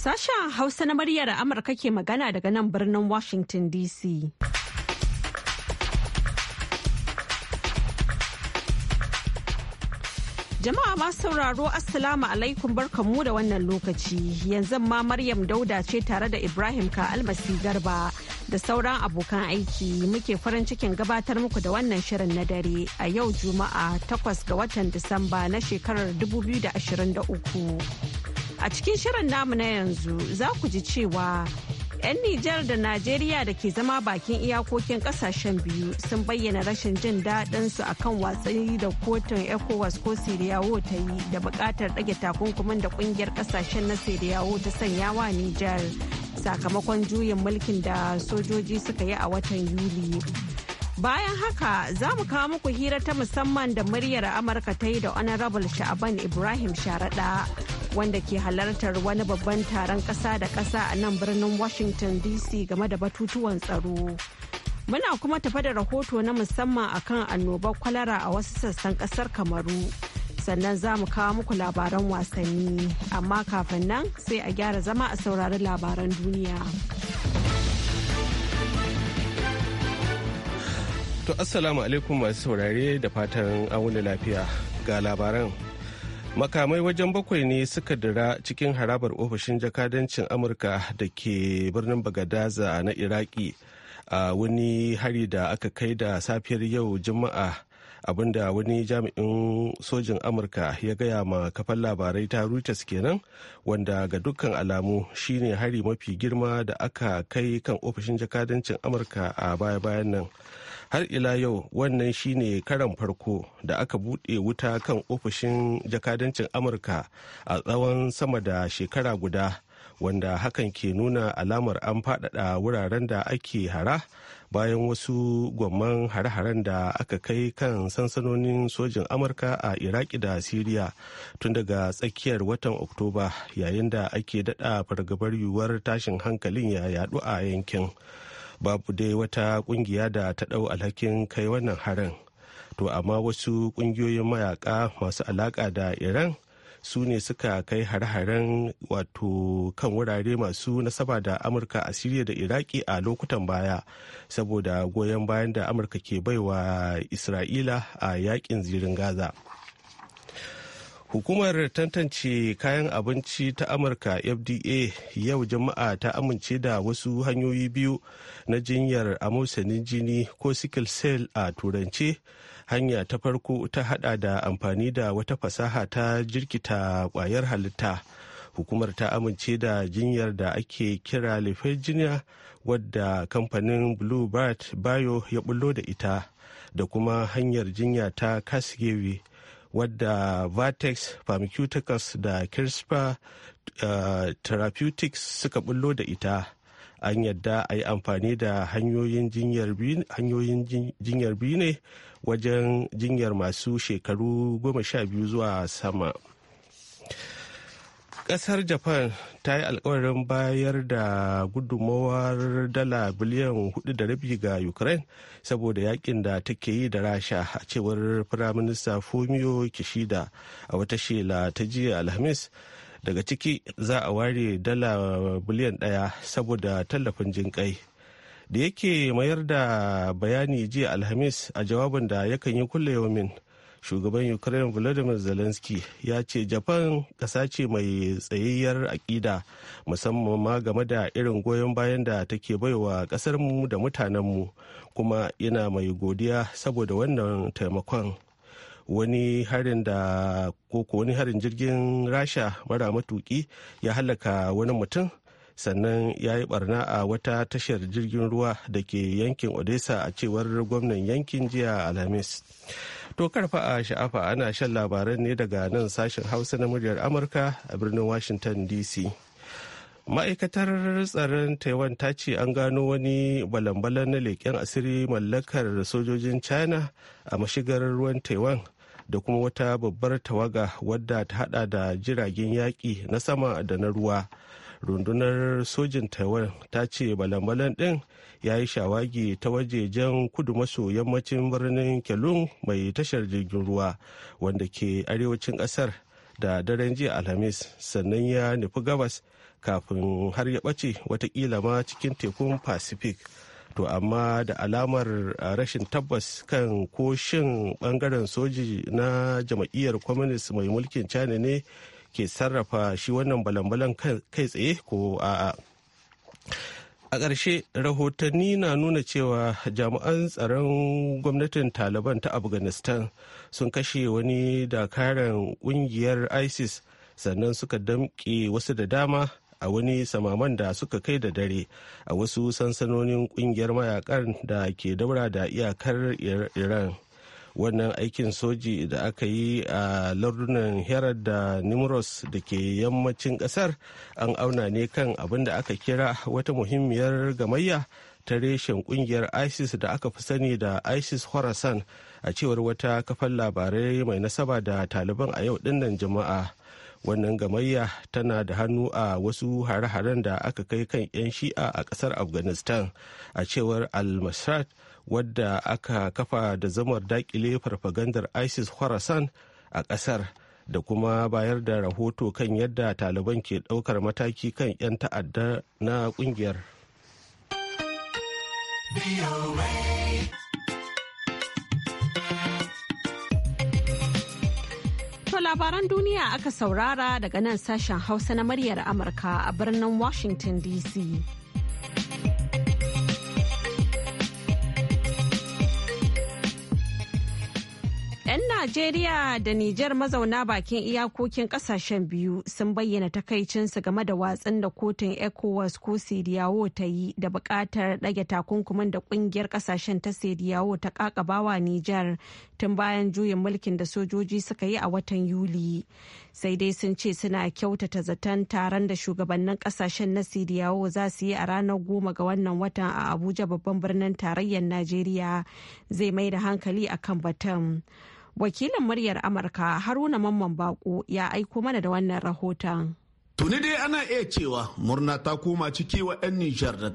Sashen Hausa na muryar Amurka ke magana daga nan birnin Washington DC. Jama'a ma sauraro Assalamu alaikum barkanmu da wannan lokaci. Yanzu ma Maryam Dauda ce tare da Ibrahim ka almasi garba da sauran abokan aiki muke farin cikin gabatar muku da wannan shirin na dare a yau Juma'a 8 ga watan Disamba na shekarar 2023. A cikin shirin namu na yanzu za ku ji cewa 'yan Nijar da Najeriya da ke zama bakin iyakokin kasashen biyu sun bayyana rashin jin daɗin su akan watsayi da kotun ECOWAS ko Siriyawo ta yi da buƙatar ɗage takunkumin da ƙungiyar kasashen na Siriyawo ta sanya wa Nijar sakamakon juyin mulkin da sojoji suka yi a watan Yuli. Bayan haka za mu kawo muku hira ta musamman da muryar Amurka ta yi da Honorable Sha'aban Ibrahim Sharaɗa wanda ke halartar wani babban taron ƙasa da ƙasa a nan birnin Washington DC game da batutuwan tsaro. Muna kuma tafa da rahoto na musamman akan annobar kwalara a wasu sassan ƙasar Kamaru. Sannan za mu kawo muku labaran wasanni, amma kafin nan sai a gyara zama a saurari labaran duniya. To, Assalamu alaikum masu saurare da fatan an lafiya ga labaran. makamai wajen bakwai ne suka dira cikin harabar ofishin jakadancin amurka da ke birnin bagadaza na iraki a wani hari da aka kai da safiyar yau juma'a abinda wani jami'in sojin amurka ya gaya ma kafan labarai ta reuters kenan wanda ga dukkan alamu shine hari mafi girma da aka kai kan ofishin jakadancin amurka a baya-bayan nan har ila yau wannan shine karan farko da aka buɗe wuta kan ofishin jakadancin amurka a tsawon sama da shekara guda wanda hakan ke nuna alamar an faɗaɗa wuraren da ake hara bayan wasu gwamman hare-haren da aka kai kan sansanonin sojin amurka a iraki da siriya tun daga tsakiyar watan oktoba yayin da ake daɗa fargabar yiwuwar tashin hankalin ya yaɗu a yankin babu dai wata kungiya da ta dau alhakin kai wannan harin to amma wasu kungiyoyin mayaka masu alaka da iran su ne suka kai har-haren wato kan wurare masu nasaba da amurka a siriya da iraki a lokutan baya saboda goyon bayan da amurka ke baiwa isra'ila a yakin zirin gaza Hukumar tantance kayan abinci ta Amurka FDA yau jama'a ta amince da wasu hanyoyi biyu na jinyar amosanin jini ko sickle cell a turance. Hanya ta farko ta hada da amfani da wata fasaha ta jirkita kwayar halitta. Hukumar ta amince da jinyar da ake kira Lefegenia wadda kamfanin Bluebird Bio ya bullo da ita da kuma hanyar jinya ta Casgevy. wadda Vertex Pharmaceuticals da CRISPR uh, Therapeutics suka bullo da ita. An yadda a yi amfani da hanyoyin jinyar biyu ne wajen jinyar masu shekaru goma sha biyu zuwa sama. kasar japan ta yi alkawarin bayar da gudummawar dala biliyan hudu da rabi ga ukraine saboda yakin da take yi da rasha a cewar firaminista fumio kishida a wata shela ta jiya alhamis daga ciki za a ware dala biliyan daya saboda tallafin jinƙai da yake mayar da bayani jiya alhamis a jawabin da yakan yi kulle yaumin shugaban ukraine volodymyr zelensky ya ce japan ƙasa ce mai tsayayyar aƙida musamman ma game da irin goyon bayan da take baiwa ƙasarmu da mutanenmu kuma yana mai godiya saboda wannan taimakon wani harin da koko wani harin jirgin rasha mara matuki ya halaka wani mutum sannan ya yi barna a wata tashar jirgin ruwa da ke yankin odessa a cewar gwamnan yankin jiya alhamis To karfa a sha'afa ana shan labaran ne daga nan sashen Hausa na muryar Amurka a birnin Washington DC. Ma'aikatar tsaron Taiwan ta ce an gano wani balan na leƙen asiri mallakar sojojin China a mashigar ruwan Taiwan da kuma wata babbar tawaga wadda ta hada da jiragen yaƙi na sama da na ruwa rundunar sojin taiwan ta ce balan-balan ɗin ya yi shawagi ta wajejen kudu maso yammacin birnin kelung mai tashar jirgin ruwa wanda ke arewacin ƙasar da daren jiya alhamis sannan ya nufi gabas kafin har ya ɓace watakila ma cikin tekun pacific to amma da alamar rashin tabbas kan ko shin bangaren soji na jam'iyyar kwaminis mai mulkin china ne ke sarrafa shi wannan balan-balan kai tsaye ko a'a. a ƙarshe rahotanni na nuna cewa jami'an tsaron gwamnatin taliban ta afghanistan sun kashe wani dakaran ƙungiyar isis sannan suka damƙe wasu da dama a wani samaman da suka kai da dare a wasu sansanonin ƙungiyar mayakan da ke daura da iyakar iran wannan aikin soji da aka yi a lardunan herar da nimros da ke yammacin kasar an auna ne kan abin da aka kira wata muhimmiyar gamayya ta reshen kungiyar isis da aka fi sani da isis horasan a cewar wata kafan labarai mai nasaba da taliban a yau dinnan jama'a wannan gamayya tana da hannu a wasu hare-haren da aka kai kan 'yan shi'a a kasar afghanistan a cewar al-masrat wadda aka kafa da zamar dakile farfagandar isis khorasan a kasar da kuma bayar da rahoto kan yadda taliban ke ɗaukar mataki kan 'yan ta'adda na ƙungiyar. labaran duniya aka saurara daga nan sashen hausa na maryar amurka a birnin washington dc Najeriya da Nijar mazauna bakin iyakokin kasashen biyu sun bayyana takaicinsu game da watsin da kotun ECOWAS ko Sediyawo ta yi da bukatar ɗage takunkumin da ƙungiyar kasashen ta Sediyawo ta kakabawa Nijar tun bayan juyin mulkin da sojoji suka yi a watan Yuli. Sai dai sun ce suna kyautata zaton taron da shugabannin kasashen na Sediyawo za su yi a ranar goma ga wannan watan a Abuja babban birnin tarayyar Najeriya zai mai da hankali akan batun. Wakilin muryar Amurka Haruna Mamman Bako ya aiko mana da wannan rahoton. Tuni dai ana iya cewa murna ta koma ciki wa 'yan Nijar da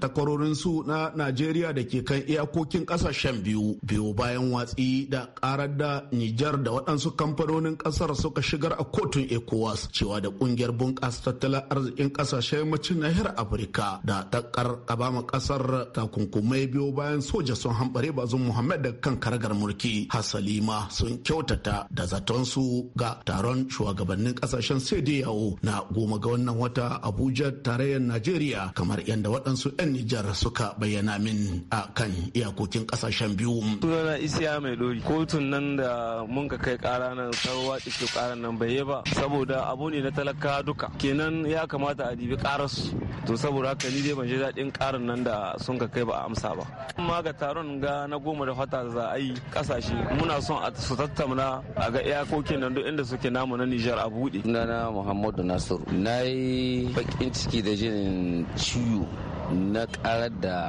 su na Najeriya da ke kan iyakokin kasashen biyu biyu bayan watsi da karar da Nijar da waɗansu kamfanonin ƙasar suka shigar a kotun ECOWAS cewa da ƙungiyar bunƙasa tattalin arzikin ƙasashen yammacin nahiyar Afirka da ta karkaba ma ƙasar takunkumai biyu bayan soja sun hambare bazu Muhammad da kan karagar mulki. Hasalima sun kyautata da zaton su ga taron shugabannin ƙasashen sai yawo na goma wannan wata Abuja tarayyar Najeriya kamar yadda waɗansu 'yan Nijar suka bayyana min a kan iyakokin ƙasashen biyu. Sunana Isiya mai ɗori kotun nan da mun ka kai ƙara nan sarwa cikin ƙara nan bai ba saboda abu ne na talaka duka kenan ya kamata a dibi ƙararsu to saboda haka ni dai ban ji daɗin ƙarin nan da sun ka kai ba a amsa ba. Amma ga taron ga na goma da fata za a yi ƙasashe muna son a su tattauna a ga iyakokin nan duk inda suke namu na Nijar a buɗe. na Muhammadu Nasiru. Na yi bakin ciki da jin ciwo na karar da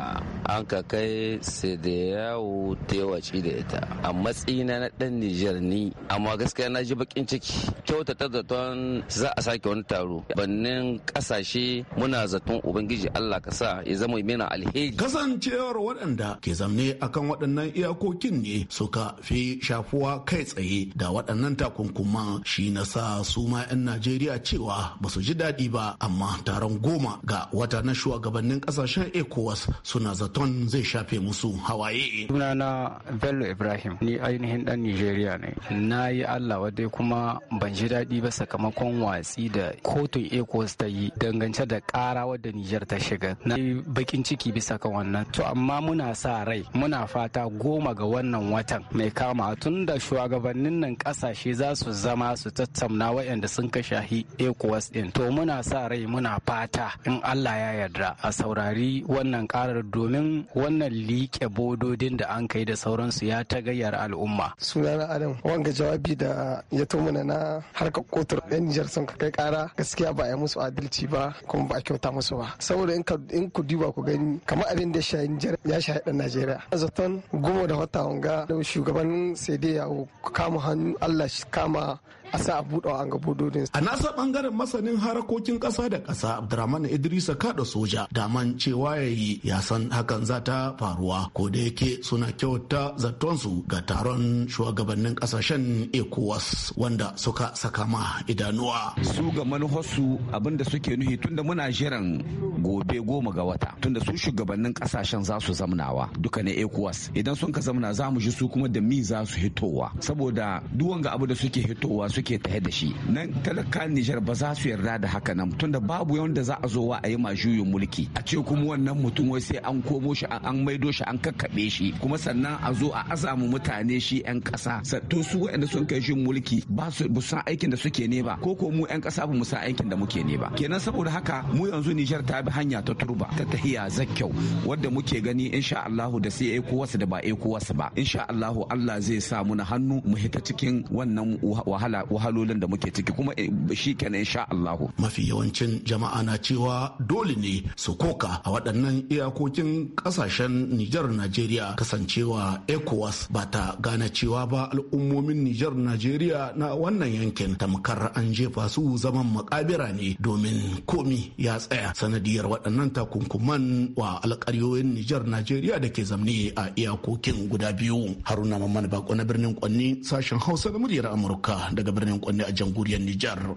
an ka kai sai da yawo ta waci da ita a matsayina na dan nijar ni amma gaskiya na ji bakin ciki kyautata zaton za a sake wani taro bannin kasashe muna zaton ubangiji allah ka sa ya zama mana alheri kasancewar waɗanda ke zamne akan waɗannan iyakokin ne suka fi shafuwa kai tsaye da waɗannan takunkuma shi na sa su ma 'yan najeriya cewa ba su ji daɗi ba amma taron goma ga wata na shugabannin ƙasa kasashen ecowas suna zaton zai shafe musu hawaye na bello ibrahim ni ainihin dan nigeria ne na yi allah wadai kuma ban ji daɗi ba sakamakon watsi da kotun ecowas ta yi dangance da ƙara wadda nijar ta shiga na bakin ciki bisa kan wannan to amma muna sa rai muna fata goma ga wannan watan mai kama tun da shugabannin nan kasashe za su zama su tattauna waɗanda sun kashe shahi ecowas din to muna sa rai muna fata in allah ya yarda a sauran saurari wannan karar domin wannan liƙe bododin da an kai da sauransu ya ta gayyar al'umma. Sunana Adam wanga jawabi da ya tumuna na harkar kotar yan Nijar sun kai kara gaskiya ba a yi musu adalci ba kuma ba a kyauta musu ba. Saboda in ku duba ku gani kamar abin da shayi Nijar ya shayi ɗan Najeriya. Zaton gumo da wata wanga da shugaban sai dai ya kama hannu Allah shi kama a sa a buɗe wa ga A nasa ɓangaren masanin harakokin ƙasa da ƙasa Abdurrahman Idrisa kada soja daman cewa ya yi ya san hakan za ta faruwa ko da yake suna kyauta zaton su ga taron shugabannin ƙasashen ECOWAS wanda suka saka ma idanuwa. Su ga manuharsu abinda suke nuhi tunda muna jiran gobe goma ga wata tunda su shugabannin ƙasashen za su zamnawa duka ne ECOWAS idan sun ka zamna za mu ji su kuma da mi za su hitowa saboda duwanga abu da suke hitowa suke tahe da shi nan talaka Nijar ba za su yarda da haka nan tunda babu wanda za a zo wa a yi ma juyin mulki a ce kuma wannan mutum wai sai an komo shi an maido shi an kakkaɓe shi kuma sannan a zo a azamu mutane shi 'yan ƙasa to su waɗanda sun kai juyin mulki ba su san aikin da suke ne ba ko ko mu 'yan kasa ba mu san aikin da muke ne ba kenan saboda haka mu yanzu Nijar ta bi hanya ta turba ta tahiya zakyau wadda muke gani insha Allahu da sai eko wasu da ba eko wasu ba insha Allahu Allah zai sa na hannu mu hita cikin wannan wahala wahalolin da muke ciki kuma eh, shi kenan insha Allah mafi yawancin jama'a na cewa dole ne su koka a waɗannan iyakokin ƙasashen Nijar Najeriya kasancewa ECOWAS ba ta gane cewa ba al'ummomin Nijar Najeriya na wannan yankin tamkar an jefa su zaman makabira ne domin komi ya tsaya sanadiyar waɗannan takunkuman wa alƙaryoyin Nijar Najeriya da ke zamne a iyakokin guda biyu Haruna Mamman Bako na birnin Kwanni sashen Hausa da muryar Amurka daga birnin kwanne a jamhuriyar Nijar.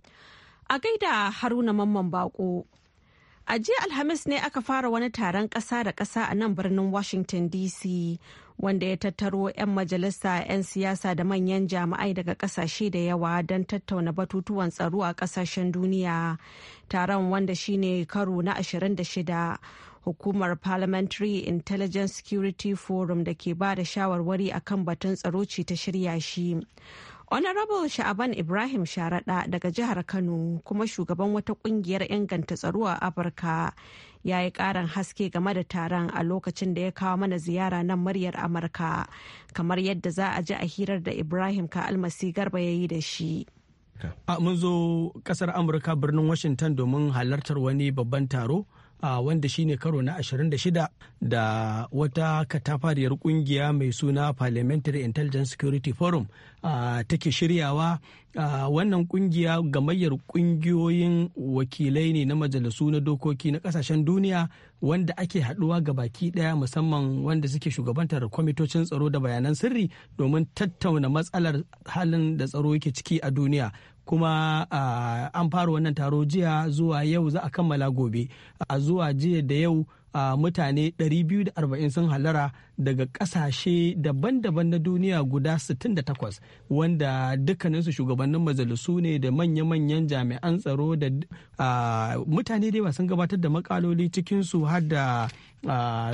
A gaida Haruna Mamman Bako. A jiya Alhamis ne aka fara wani taron ƙasa da ƙasa a nan birnin Washington DC wanda ya tattaro 'yan majalisa 'yan siyasa da manyan jami'ai daga ƙasashe da yawa don tattauna batutuwan tsaro a ƙasashen duniya. Taron wanda shine karo na 26 hukumar Parliamentary Intelligence Security Forum da ke ba da shawarwari akan batun tsaro ce ta shirya shi. Honorable Sha'aban Ibrahim Sharaɗa daga jihar Kano kuma shugaban wata kungiyar inganta tsaro a Afirka ya yi ƙarin haske game da taron a lokacin da ya kawo mana ziyara nan muryar Amurka kamar yadda za a ji a hirar da Ibrahim ka almasi garba ya yi da shi. Mun zo kasar Amurka birnin Washington domin halartar wani babban taro. a wanda shine karo na 26 da wata katafariyar kungiya mai suna parliamentary intelligence security forum take shiryawa wannan kungiya gamayyar kungiyoyin wakilai ne na majalisu na dokoki na kasashen duniya wanda ake haduwa ga baki daya musamman wanda suke shugabantar kwamitocin tsaro da bayanan sirri domin tattauna matsalar halin da tsaro yake ciki a duniya kuma an fara wannan taro jiya zuwa yau za a kammala gobe a zuwa jiya da yau a mutane 240 sun halara daga kasashe daban-daban na duniya guda 68 wanda dukkaninsu shugabannin majalisu ne da manya-manyan jami'an tsaro da mutane dai sun gabatar da makaloli cikinsu har da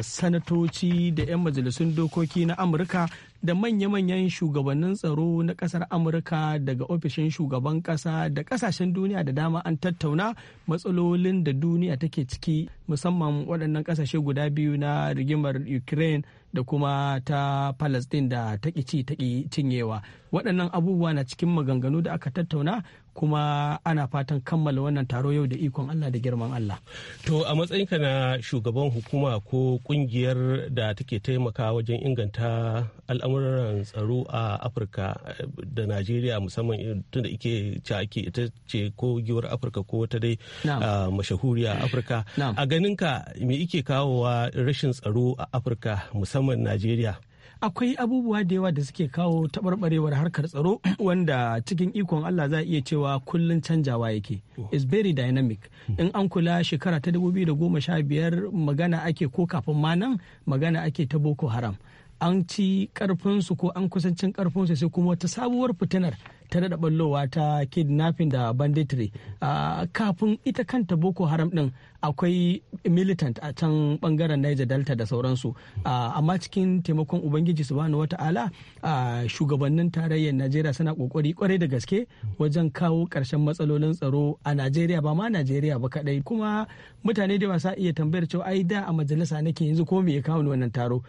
sanatoci da 'yan majalisun dokoki na amurka da manya-manyan shugabannin tsaro na kasar amurka daga ofishin shugaban kasa da kasashen duniya da dama an tattauna matsalolin da duniya take ciki musamman waɗannan kasashe guda biyu na rigimar ukraine da kuma ta palestine da taƙici taƙi cinyewa waɗannan abubuwa na cikin maganganu da aka tattauna kuma ana fatan kammala wannan taro yau da ikon Allah da girman Allah. To a matsayinka na shugaban hukuma ko kungiyar da take taimaka wajen inganta al'amuran tsaro a Afirka da Najeriya musamman tunda ike ca ake ita ce ko giwar Afirka ko wata dai mashahuriya a Afirka. A ganinka me ike kawowa rashin tsaro a Afirka musamman Najeriya? akwai abubuwa da yawa da suke kawo taɓarɓarewar harkar tsaro wanda cikin ikon Allah za a iya cewa kullun canjawa yake. Oh. It's very dynamic. Hmm. In an kula shekara ta 2015 magana ake ko kafin ma nan magana ake ta Boko Haram. an ci ƙarfinsu ko an kusancin ƙarfinsu sai kuma wata sabuwar fitinar ta da ballowa ta kidnapping da banditry kafin ita kanta boko haram ɗin akwai militant a can bangaren niger delta da sauransu amma cikin taimakon ubangiji subhanahu wata'ala shugabannin tarayyar najeriya suna kokari kwarai da gaske wajen kawo ƙarshen matsalolin tsaro a najeriya ba ma najeriya ba kadai kuma mutane da sa iya tambayar cewa ai da a majalisa nake yanzu ko me ya kawo wanan wannan taro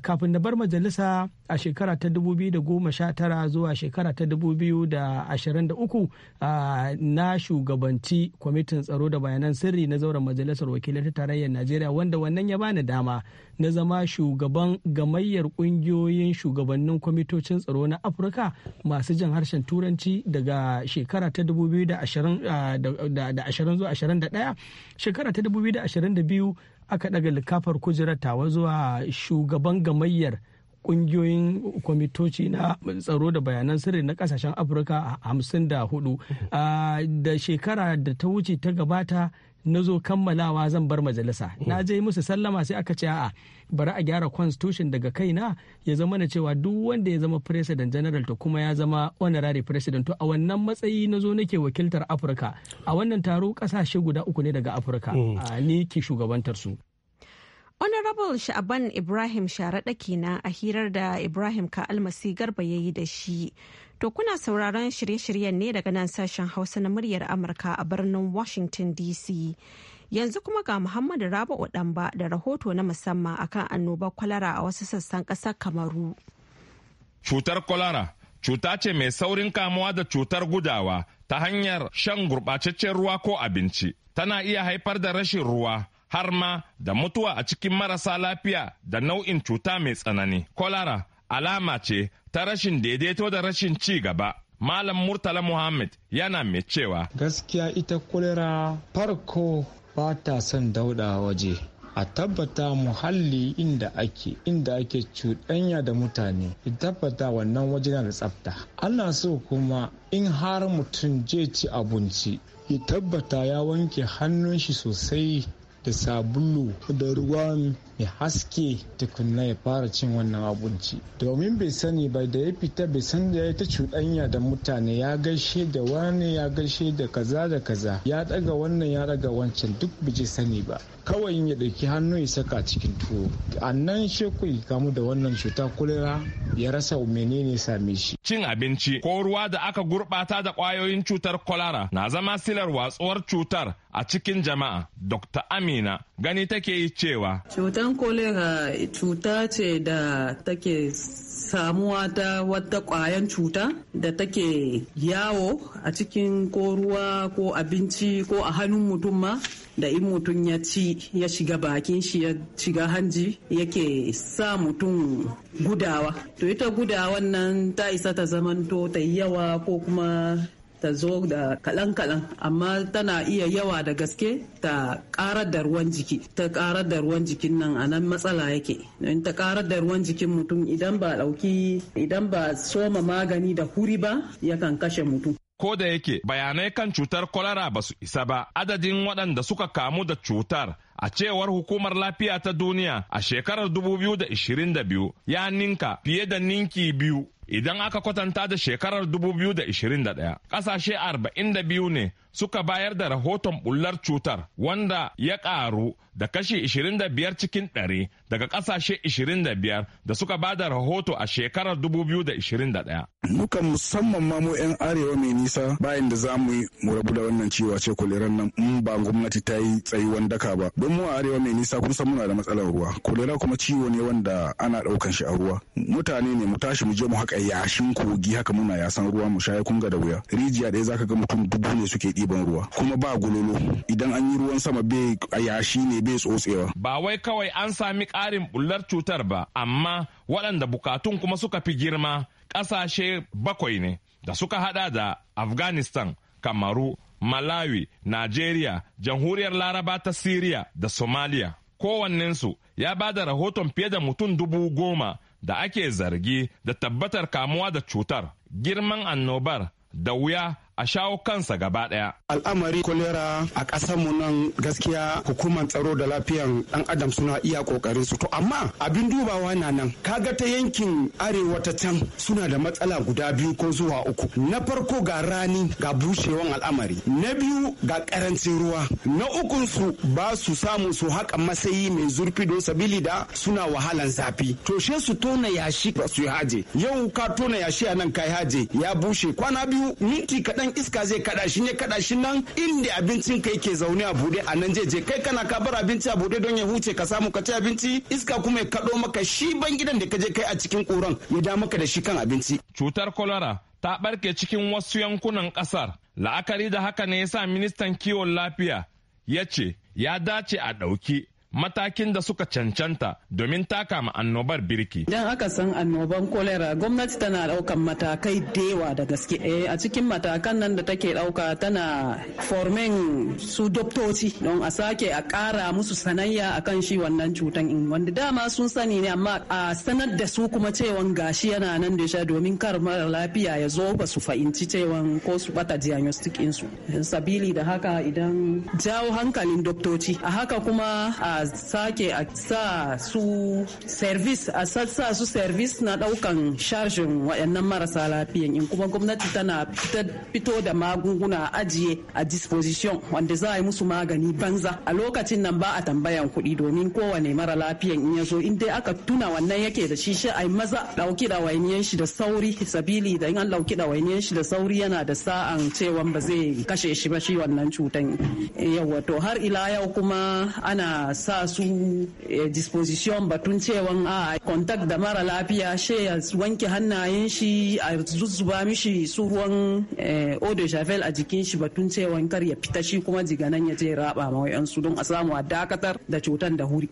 kafin da bar majalisa a shekara ta 2019 zuwa shekara ta 2000 2023 na shugabanci kwamitin tsaro da bayanan sirri na zauren majalisar wakilai ta tarayyar najeriya wanda wannan ya bani dama na zama shugaban gamayyar kungiyoyin shugabannin kwamitocin tsaro na afirka masu jan harshen turanci daga shekara ta 2020 zuwa 2021 shekara ta 2022 aka ɗaga likafar kujerar tawa zuwa shugaban gamayyar kungiyoyin kwamitoci na tsaro da bayanan sirri na kasashen afirka hamsin da hudu mhm. da shekara da ta wuce ta gabata na zo kammalawa zan bar majalisa mhm. na je musu sallama sai aka ce a bari a gyara constitution daga kaina ya zama na cewa duk wanda ya zama president general to kuma ya zama honorary president to a wannan matsayi na zo nake wakiltar afirka a wannan taro kasashe guda uku ne daga afirka mhm. ni ke shugabantar su Honorable Sha'aban Ibrahim Sharaɗa kenan a hirar da Ibrahim ka almasi Garba ya yi da shi. To kuna sauraron shirye-shiryen ne daga nan sashen Hausa na muryar Amurka a birnin Washington DC. Yanzu kuma ga Muhammadu Rabu'u Ɗanba da rahoto na musamman akan annobar kwalara a wasu sassan ƙasar Kamaru. Cutar kwalara cuta ce mai saurin kamuwa da cutar gudawa ta hanyar shan gurɓataccen ruwa ko abinci. Tana iya haifar da rashin ruwa. har ma da mutuwa a cikin marasa lafiya da nau'in cuta mai tsanani. Kwalara alama ce ta rashin daidaito da rashin ci gaba. Malam Murtala Muhammad yana mai cewa. Gaskiya ita kulera farko ba ta son dauda waje. a tabbata muhalli inda ake inda ake cuɗanya da mutane in tabbata wannan waje na da tsafta ana so kuma in har mutum je ci abinci ya tabbata ya wanke hannun shi sosai da sabulu da ruwan ya haske tukunna ya fara cin wannan abinci domin bai sani ba da ya fita bai san da ya ta cuɗanya da mutane ya gaishe da wani ya gaishe da kaza da kaza ya daga wannan ya daga wancan duk bai sani ba kawai ya ɗauki hannu ya saka cikin tuwo annan sheku ya kamu da wannan cuta kulera ya rasa menene same shi cin abinci ko ruwa da aka gurɓata da ƙwayoyin cutar kwalara na zama silar watsuwar cutar a cikin jama'a dr amina gani take yi cewa cutar wannan kolera cuta ce da take samuwa ta wata kwayan cuta da take yawo a cikin ko ruwa ko abinci ko a hannun mutum ma da in mutum ya ci ya shiga bakin shi ya shiga hanji yake sa mutum gudawa to ita gudawan nan ta isa ta zamanto ta yawa ko kuma ta zo da kalan-kalan amma tana iya yawa da gaske ta karar da ruwan jiki ta karar da ruwan jikin nan a nan matsala yake in ta karar da ruwan jikin mutum idan ba ɗauki idan ba soma magani da huri ba yakan kashe mutum ko da yake bayanai kan cutar kwalara ba su isa ba adadin waɗanda suka kamu da cutar a cewar hukumar lafiya ta duniya a shekarar 2022 ya ninka fiye da ninki biyu Idan aka kwatanta da shekarar 2021, ƙasashe 42 ne suka bayar da rahoton bullar cutar wanda ya ƙaru da kashi 25 cikin ɗari daga ƙasashe 25 da suka ba da rahoto a shekarar 2021. Muka musamman ma mu 'yan arewa mai nisa bayan da za mu yi murabu da wannan ciwo ce koleran nan in ba gwamnati ta yi tsayuwan daka ba. Don mu a arewa mai nisa kun san muna da matsalar ruwa. Kolera kuma ciwo ne wanda ana ɗaukan shi a ruwa. Mutane ne mu tashi mu je mu haka yashin kogi haka muna yasan ruwa mu sha kunga da wuya. Rijiya ɗaya zaka ga mutum dubu ne suke ɗiban ruwa. Kuma ba gulolo idan an yi ruwan sama bai a yashi ne bai tsotsewa. Ba wai kawai an sami ƙarin bullar cutar ba, amma waɗanda bukatun kuma suka fi girma ƙasashe bakwai ne da suka haɗa da Afghanistan, Kamaru, Malawi, Najeriya, Jamhuriyar Laraba ta Siriya da Somalia. Kowannensu ya ba da rahoton fiye da mutum dubu goma da ake zargi da tabbatar kamuwa da cutar. Girman annobar da wuya a shawo kansa gaba ɗaya. Al'amari kolera a mu nan gaskiya hukumar tsaro da lafiyan ɗan adam suna iya ƙoƙarin su. To amma abin dubawa na nan kaga ta yankin arewa ta can suna da matsala guda biyu ko zuwa uku. Na farko ga rani ga bushewan al'amari. Na biyu ga ƙarancin ruwa. Na ukun su ba su samu su haƙa masayi mai zurfi don sabili da suna wahalan zafi. To she su tona yashi ba su yi haje. Yau ka tona yashi a nan kai haje ya bushe kwana biyu minti kaɗan nan iska zai kada shi ne kada shi nan inda abincin kai ke zaune a bude a nan je kai kana ka bar abinci a bude don ya huce ka samu ka ci abinci iska kuma ya kado maka shi ban gidan da ka je kai a cikin kuran ya da maka da shi kan abinci cutar kwalara ta barke cikin wasu yankunan kasar la'akari da haka ne yasa ministan kiwon lafiya ya ce ya dace a ɗauki matakin da suka cancanta domin taka ma annobar birki. Idan aka san annoban kolera gwamnati tana daukan matakai da da gaske. Eh, a cikin matakan nan da take dauka tana formen su doktoci don a sake a kara musu sanayya akan shi wannan cutan in wanda dama sun sani ne amma a sanar da su kuma cewa gashi yana nan da sha domin kar mara lafiya ya zo ba su fahimci cewa ko su bata diagnostic insu. Sabili da haka idan jawo hankalin doktoci a haka kuma a a sake a sa su service a sassa su service na daukan sharjin waɗannan marasa lafiyan in kuma gwamnati tana fito da magunguna ajiye a disposition wanda za a yi musu magani banza a lokacin nan ba a tambayan kuɗi domin kowane mara lafiyan in yazo in dai aka tuna wannan yake da shi shi a maza ɗauki wayniyan shi da sauri sabili da in an da wayniyan shi da sauri yana da sa'an cewa ba zai kashe shi ba shi wannan cutan yawa to har ila yau kuma ana sa su eh, disposition batun cewan ah, a contact da mara lafiya she ya wanke hannayen shi a zuzzuba mishi su ruwan eh, eau de javel a jikin shi batun cewan kar ya fita shi kuma jiganan ya je raba ma wayansu don a samu a dakatar da cutan da huri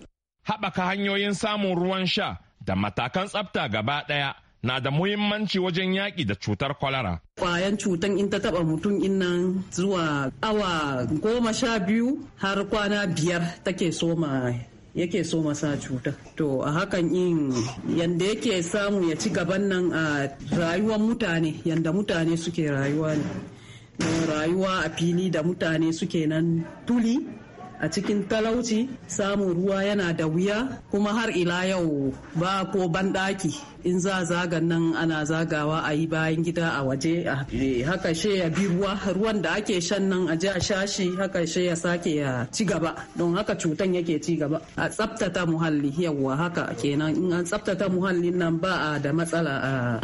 haɓaka hanyoyin samun ruwan sha da matakan tsafta gaba ɗaya na da muhimmanci wajen yaƙi da cutar kwalara. Kwayan cutan in ta taɓa mutum innan zuwa awa goma sha biyu har kwana biyar take soma yake so masa cuta to a hakan in yanda yake samu ya ci gaban nan a rayuwar mutane yanda mutane suke rayuwa ne rayuwa a fili da mutane suke nan tuli a cikin talauci samun ruwa yana da wuya kuma har ila yau ba ko banɗaki in za zagan nan ana zagawa a yi bayan gida a waje a eh, haka she ya bi ruwa ruwan da ake shan nan a ji a shashi haka she ya sake ya ci gaba don haka cutan yake ci gaba a tsabtata muhalli yawwa haka kenan in an tsabtata muhallin nan ba a da matsala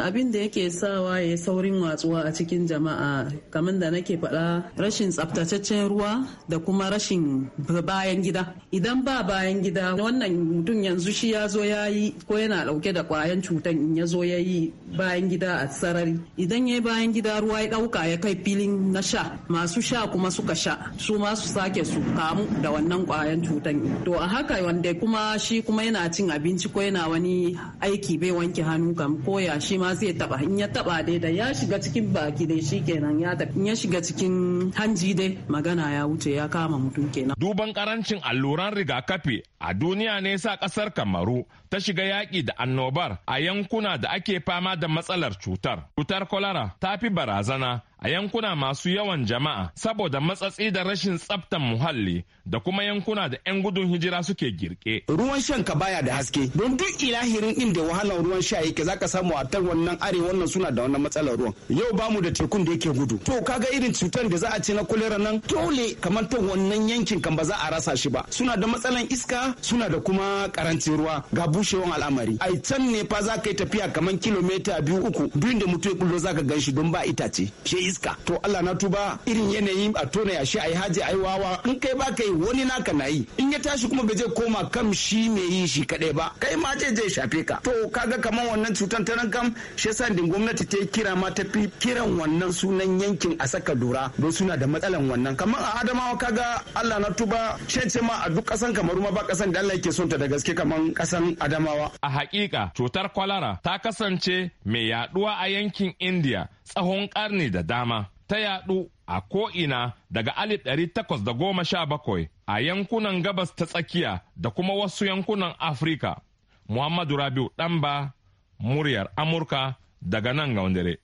abin da yake sawa ya saurin watsuwa a cikin jama'a kamar da nake faɗa rashin tsabtataccen ruwa da kuma rashin bayan gida idan ba bayan gida wannan mutum yanzu shi ya zo ya yi ko yana ɗauke da ƙwayan cutan in ya zo ya yi bayan gida a sarari idan ya yi bayan gida ruwa ya ɗauka ya kai filin na sha masu sha kuma suka sha su ma su sake su kamu da wannan kwayan cutan to a haka wanda kuma shi kuma yana cin abinci ko yana wani aiki bai wanke hannu kam ko ya shi ma zai taba in ya taba dai da ya shiga cikin baki dai shi kenan ya tafi in ya shiga cikin hanji dai magana ya wuce ya kama mutum kenan duban karancin alluran rigakafi a duniya ne sa ƙasar kamaru ta shiga yaƙi da annobar a yankuna da ake fama da matsalar cutar cutar kwalara ta fi barazana a yankuna masu yawan jama'a saboda matsatsi da rashin tsaftan muhalli da kuma yankuna da 'yan gudun hijira suke girke. Ruwan shan ka baya da haske don duk ilahirin inda wahalar ruwan sha yake ka samu a tar wannan arewa wannan suna da wannan matsalar ruwan. Yau ba mu da tekun da yake gudu. To kaga irin cutar da za a ce na kulera nan dole kamar ta wannan yankin kan ba za a rasa shi ba. Suna da matsalan iska suna da kuma karancin ruwa ga bushewan al'amari. Ai can ne fa za ka yi tafiya kamar kilomita biyu uku duk da mutum ya kullo za ka gan shi don ba itace. iska to Allah na tuba irin yanayin a tona yashi ayi haji ayi wawa in kai ba kai wani naka na yi in ya tashi kuma bai zai koma kam shi mai yi shi kadai ba kai ma je zai shafe ka to kaga kamar wannan cutar ta nan kam shi yasa din gwamnati ta kira ma ta fi kiran wannan sunan yankin a saka dora don suna da matsalan wannan kaman a Adamawa kaga Allah na tuba shance ma a duk kasan Kamaru ma ba kasan da Allah yake son ta da gaske kaman kasan Adamawa a hakika cutar kwalara ta kasance mai yaduwa a yankin India tsahon ƙarni da dama ta yadu a ko'ina daga alif ɗari takwas da goma sha bakwai a yankunan gabas ta tsakiya da kuma wasu yankunan afirka muhammadu rabiu ɗanba muryar amurka daga nan ga gaundare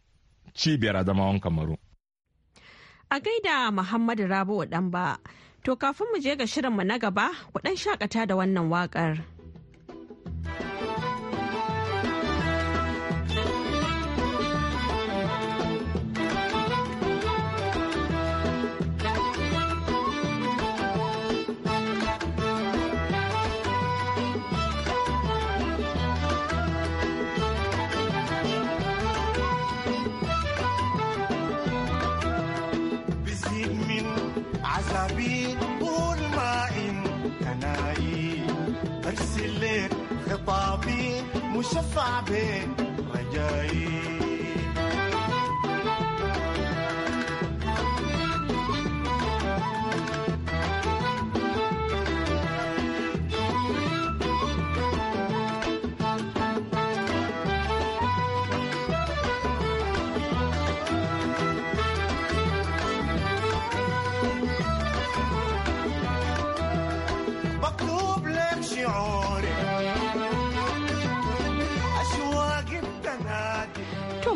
cibiyar adamawan kamaru a gaida muhammadu rabiu ɗanba to kafin mu je ga shirin mu na gaba ku ɗan shakata da wannan waƙar. عزبي طول ما انت نايم برسل لك خطابي مشفع بين رجائي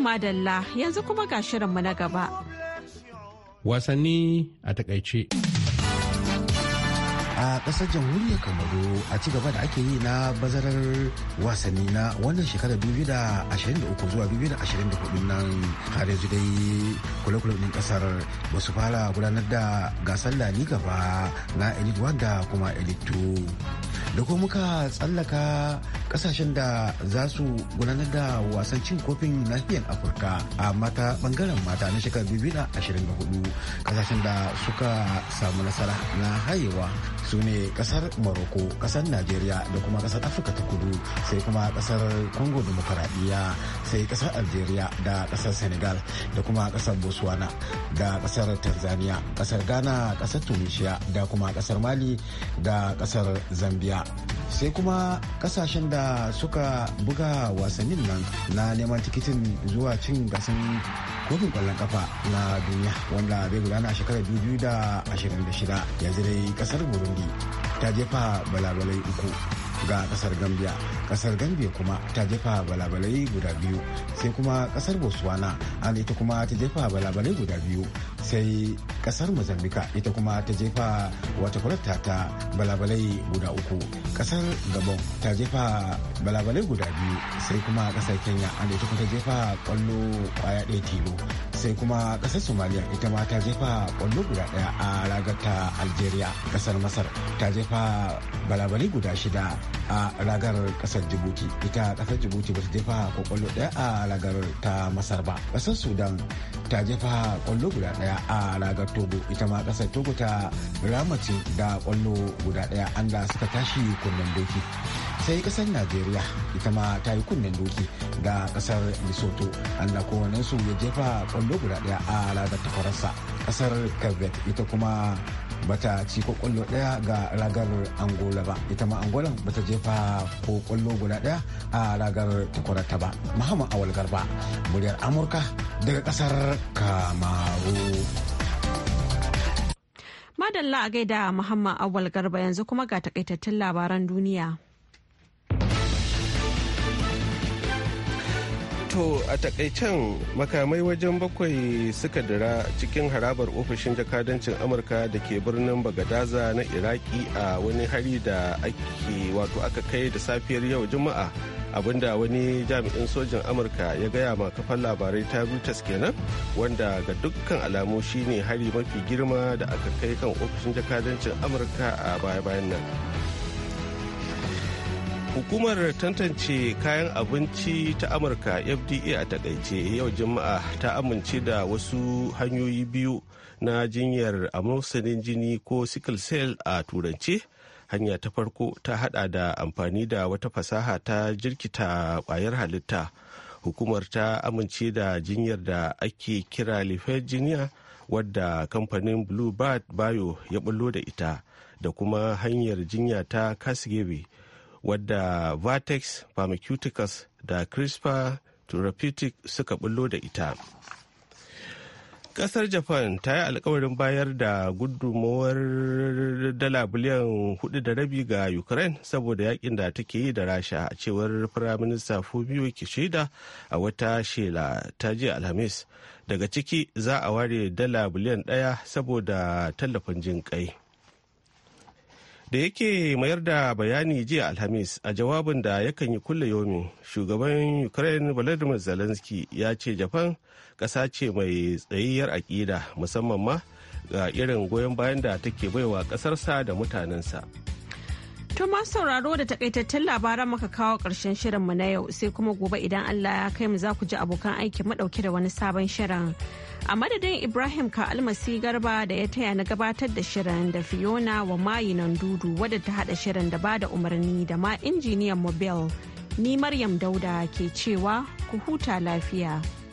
madalla yanzu kuma ga shirinmu na gaba. Wasanni a takaice. a ƙasar jamhuriyar kamaru a ci gaba da ake yi na bazarar wasanni na wannan shekarar 2023 zuwa 2024 nan har yanzu dai kule-kule din kasar ba su fara gudanar da gasar la Gaba, ba na elite 1 da kuma elite 2 da kuma muka tsallaka kasashen da za su gudanar da wasan cin kofin nahiyar afirka a mata bangaren mata na shekarar 2024 kasashen da suka samu nasara na hayewa su ne kasar morocco kasar Nigeria da kuma kasar afirka ta kudu sai kuma kasar congo demokaradiyya sai kasar algeria da kasar senegal da kuma kasar botswana da kasar tanzania kasar ghana kasar tunisia da kuma kasar mali da kasar zambia sai kuma kasashen da suka buga wasannin nan na neman tikitin zuwa cin gasin kofin kwallon kafa na duniya wanda zai gudana a shekarar 2026 yanzu dai kasar burundi burundi ta jefa balabalai uku ga kasar gambia kasar gambia kuma ta jefa balabalai guda biyu sai kuma kasar botswana an ita kuma ta jefa balabalai guda biyu sai kasar mozambika ita kuma ta jefa wata kwalata ta balabalai guda uku kasar gabon ta jefa balabalai guda biyu sai kuma kasar kenya an ita kuma ta jefa kwallo kwaya ɗaya tilo sai kuma kasar somaliya ita ma ta jefa kwallo guda daya a ragar ta algeria kasar masar ta jefa balabali guda shida a ragar kasar jibuti ita kasar jibuti ba ta jefa kwallo daya a ragar ta masar ba kasar sudan ta jefa kwallo guda daya a ragar togo ita ma kasar togo ta ramace da kwallo guda daya an da suka tashi kunnen doki sai kasar najeriya ita ma ta yi kunnen doki da kasar lesotho an da kowanne su ya jefa kwallo guda daya a ragar takwararsa kasar kabet ita kuma bata ci ko kwallo daya ga ragar angola ba ita ma angolan bata jefa ko kwallo guda daya a ragar takwarata ba muhammad awal garba muryar amurka daga kasar kamaru madalla a gaida muhammad awal garba yanzu kuma ga takaitattun labaran duniya To a takaicen makamai wajen bakwai suka dira cikin harabar ofishin jakadancin Amurka da ke birnin Bagadaza na Iraki a wani hari da ake wato aka kai da safiyar yau Juma'a abinda wani jami'in sojin Amurka ya gaya ma kafan labarai ta Reuters kenan wanda ga dukkan alamu shine hari mafi girma da aka kai kan ofishin jakadancin Amurka a baya-bayan nan. hukumar tantance kayan abinci ta amurka fda a takaice yau juma'a ta amince da wasu hanyoyi biyu na jinyar amosanin jini ko sickle cell a turance hanya ta farko ta hada da amfani da wata fasaha ta jirkita kwayar halitta hukumar ta amince da jinyar da ake kira lifejiniya wadda kamfanin bluebird bayo ya bullo da ita da kuma hanyar jinya ta kasgebe wadda Vertex Pharmaceuticals da CRISPR Therapeutic suka bullo da ita. Kasar Japan ta yi alkawarin bayar da gudunmawar dala biliyan hudu da rabi ga Ukraine saboda yakin da take yi da Rasha a cewar Firaminista Fumio Kishida a wata shela ta jiya Alhamis. Daga ciki za a ware dala biliyan daya saboda tallafin jin kai. da yake mayar da bayani jiya alhamis a jawabin da yakan yi kulle yomin shugaban ukraine volodymyr zelensky ya ce japan ƙasa ce mai tsayayyar aƙida musamman ma ga irin goyon bayan da take baiwa ƙasarsa da mutanensa. To masu sauraro da takaitattun labaran muka kawo ƙarshen mu na yau sai kuma gobe idan Allah ya kai mu za ku ji abokan aiki madauke da wani sabon shirin. A madadin Ibrahim ka almasi garba da ya taya na gabatar da shirin da Fiona wa mayi nan dudu wadda ta haɗa shirin da ba da umarni da ma injiniyan mobil. Ni Maryam Dauda ke cewa ku huta lafiya.